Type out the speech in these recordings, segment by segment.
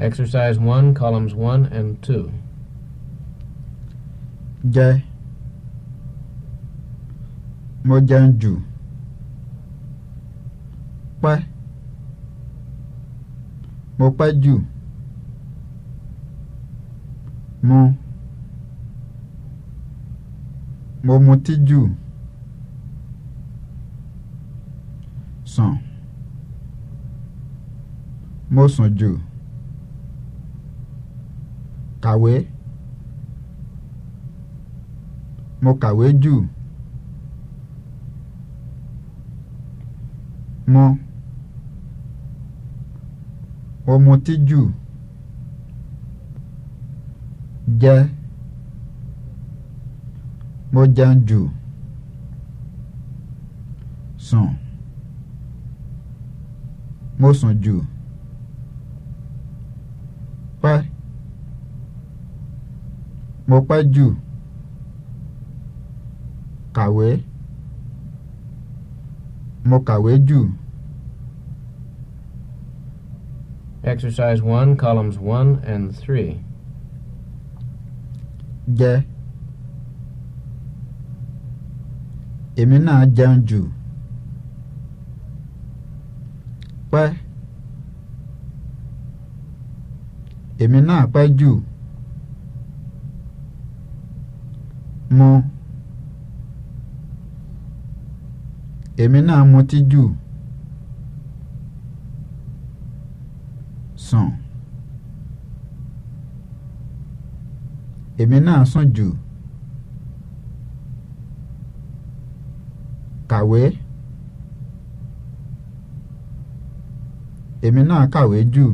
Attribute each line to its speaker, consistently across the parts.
Speaker 1: Exercise 1, columns 1 and 2.
Speaker 2: Jẹ́ mo jẹun jù pẹ́ mo pẹ́ jù mo mutí jù mo sùn kàwé mo kàwé jù mo mo mutí jù jẹ mo jẹun jù sùn mo sùn jù pẹ́ mo pẹ́ jù kàwé mo kàwé jù.
Speaker 1: Exercise one, columns one and three.
Speaker 2: Jẹ. Èmi náà jẹun jù. Pẹ́. Èmi náà pẹ́ jù. mu èmi náà mutí jù sùn èmi náà sùn jù kàwé èmi náà kàwé jù.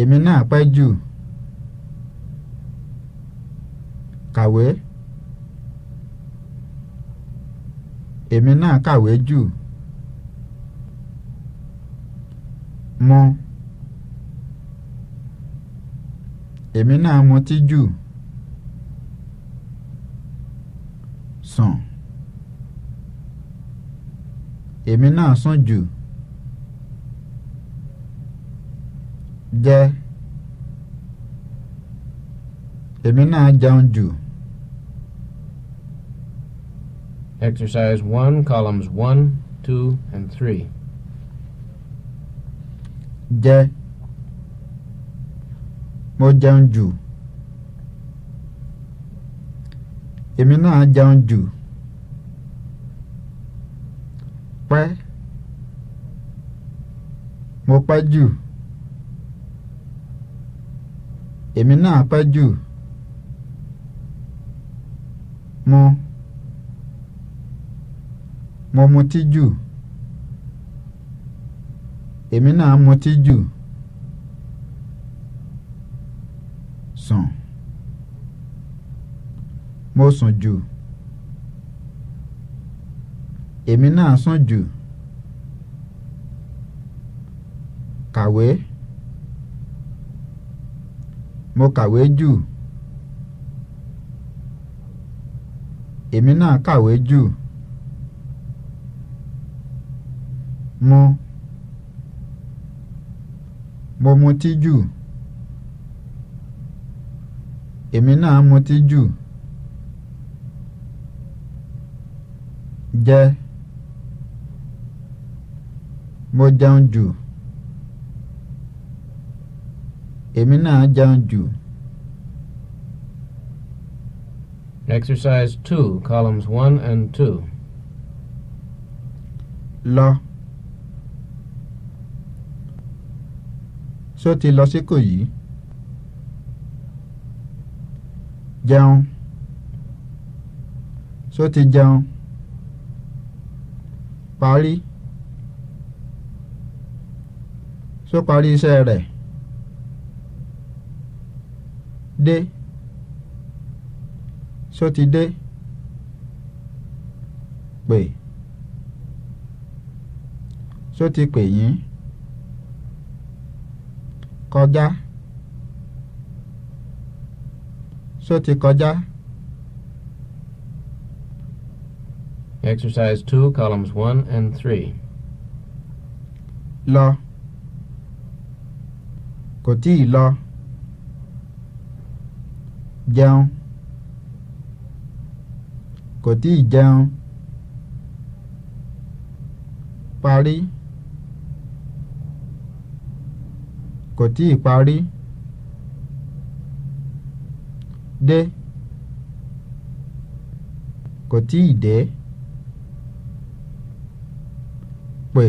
Speaker 2: èmi náà pẹ́ jù kàwé èmi náà kàwé jù mu èmi náà mutí jù sùn èmi náà sùn jù. jẹ́ èmi náà jẹun jù.
Speaker 1: Exercise 1, columns 1, 2, and 3.
Speaker 2: Jẹ́ mo jẹun jù. Èmi náà jẹun jù. Pẹ́ mo pẹ́ jù. èmi náà pẹ́ jù mo mo mutí jù èmi náà mutí jù sùn mo sùn jù èmi náà sùn jù kàwé mo kàwé jù èmi náà kàwé jù mo mo mutí jù èmi náà mutí jù jẹ mo jẹun jù. èmi náà jẹun jù.
Speaker 1: Exercise two, columns one
Speaker 2: and two. Lọ. So ti lọ sí Ìkòyí? Jẹun. So ti jẹun? Parí. So parí iṣẹ́ rẹ̀? dé ṣó ti dé pè ṣó ti pè yín kọjá ṣó ti kọjá.
Speaker 1: Exercise two columns one and three
Speaker 2: Lọ. Kò tíì jẹun kò tí ì jẹun parí kò tí ì parí dé kò tí ì dé pè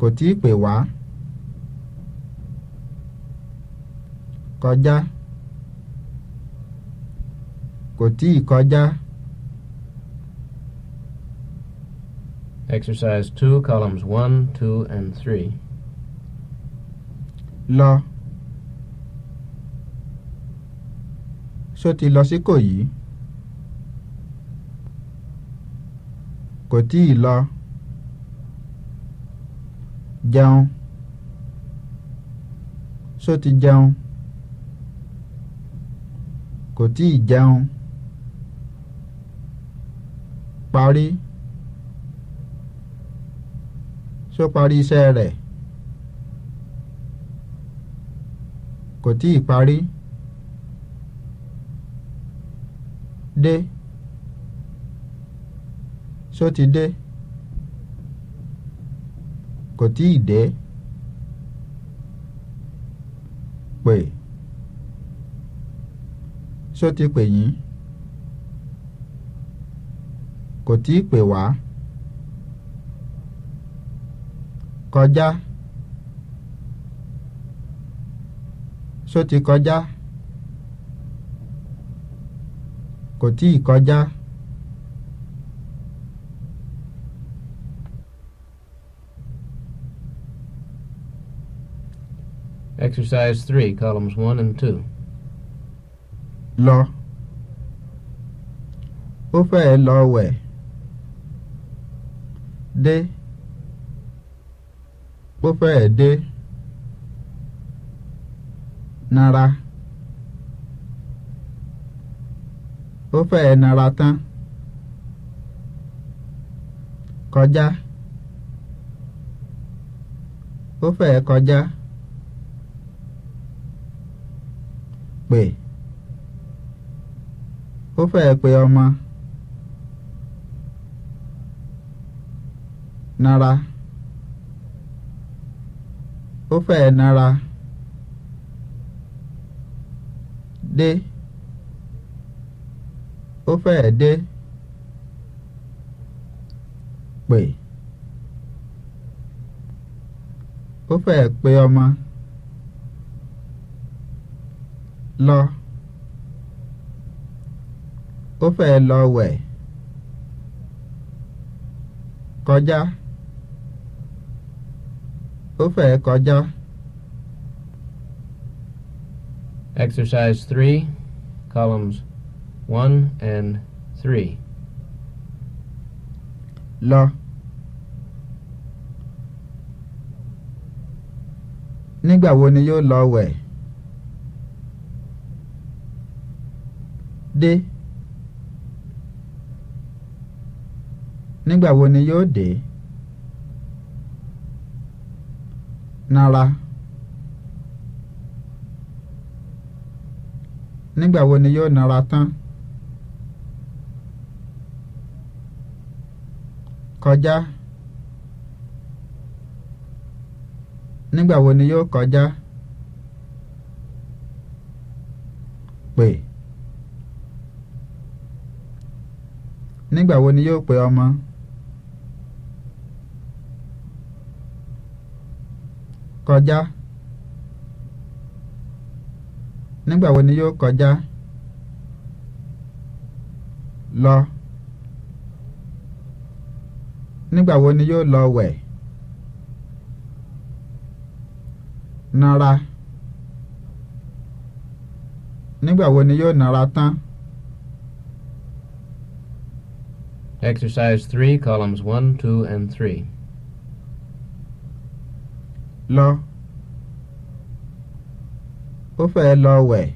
Speaker 2: kò tí ì pè wá. kọjá kò tíì kọjá.
Speaker 1: Exercise two columns one, two and three.
Speaker 2: Lọ. Ṣó ti lọ sí Ìkòyí? Kò tíì lọ. Jẹun. Ṣó ti jẹun? kò tí ì jẹun parí ṣó parí iṣẹ́ rẹ̀ kò tí ì parí dé ṣó ti dé kò tí ì dé pè. ṣó ti pè yín kò tí ì pè wá kọjá ṣó ti kọjá kò tí ì kọjá.
Speaker 1: Exercise 3, columns 1 and 2.
Speaker 2: lọ. Ó fẹ́ lọ wẹ̀. Dé. Ó fẹ́ dé. Nara. Ó fẹ́ nara tán. Kọjá. Ó fẹ́ kọjá. Pè ó fẹ́ẹ́ pé ọmọ nara ó fẹ́ẹ́ nara dé ó fẹ́ẹ́ dé pè ó fẹ́ẹ́ pé ọmọ lọ. ó fẹ́ lọ wẹ̀ kọjá ó fẹ́ kọjá.
Speaker 1: Exercise 3, columns 1
Speaker 2: and 3. Lọ. Nígbà wo ni yóò lọ wẹ̀? Dé. nígbà wo ni yóò dé nara nígbà wo ni yóò nara tán kọjá nígbà wo ni yóò kọjá pè nígbà wo ni yóò pè ọmọ. kọjá nígbà wo ni yóò kọjá lọ nígbà wo ni yóò lọ wẹ̀ nara nígbà wo ni yóò nara tán.
Speaker 1: Exercise 3, columns 1, 2, and 3.
Speaker 2: lọ ó fẹ́ lọ wẹ̀.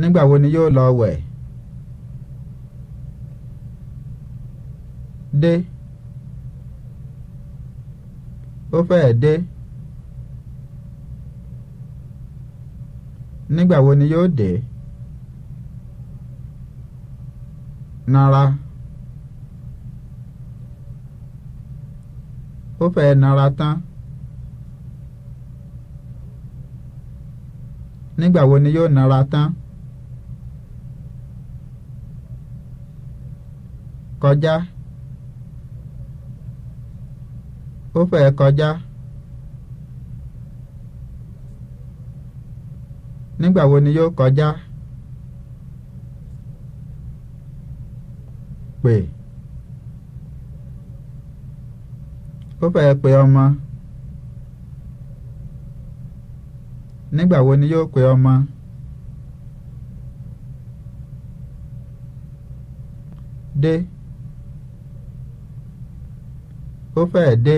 Speaker 2: nígbà wo ni yóò lọ wẹ̀? dé ó fẹ́ dé nígbà wo ni yóò dé? nara. ó fẹ́ nara tán nígbà wo ni yóò nara tán kọjá ó fẹ́ kọjá nígbà wo ni yóò kọjá pè. ó fẹ́ pe ọmọ nígbà wo ni yóò pe ọmọ dé ó fẹ́ dé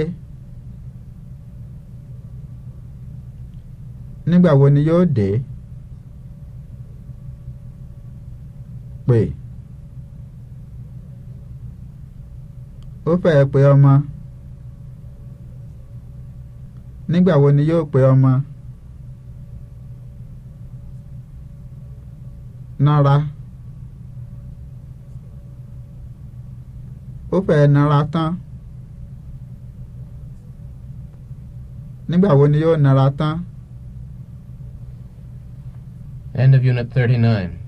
Speaker 2: nígbà wo ni yóò dé pè ó fẹ́ pe ọmọ nígbà wo ni yóò pé ọmọ nara ó fẹ́ nara tán nígbà wo ni yóò nara tán. End of Unit 39.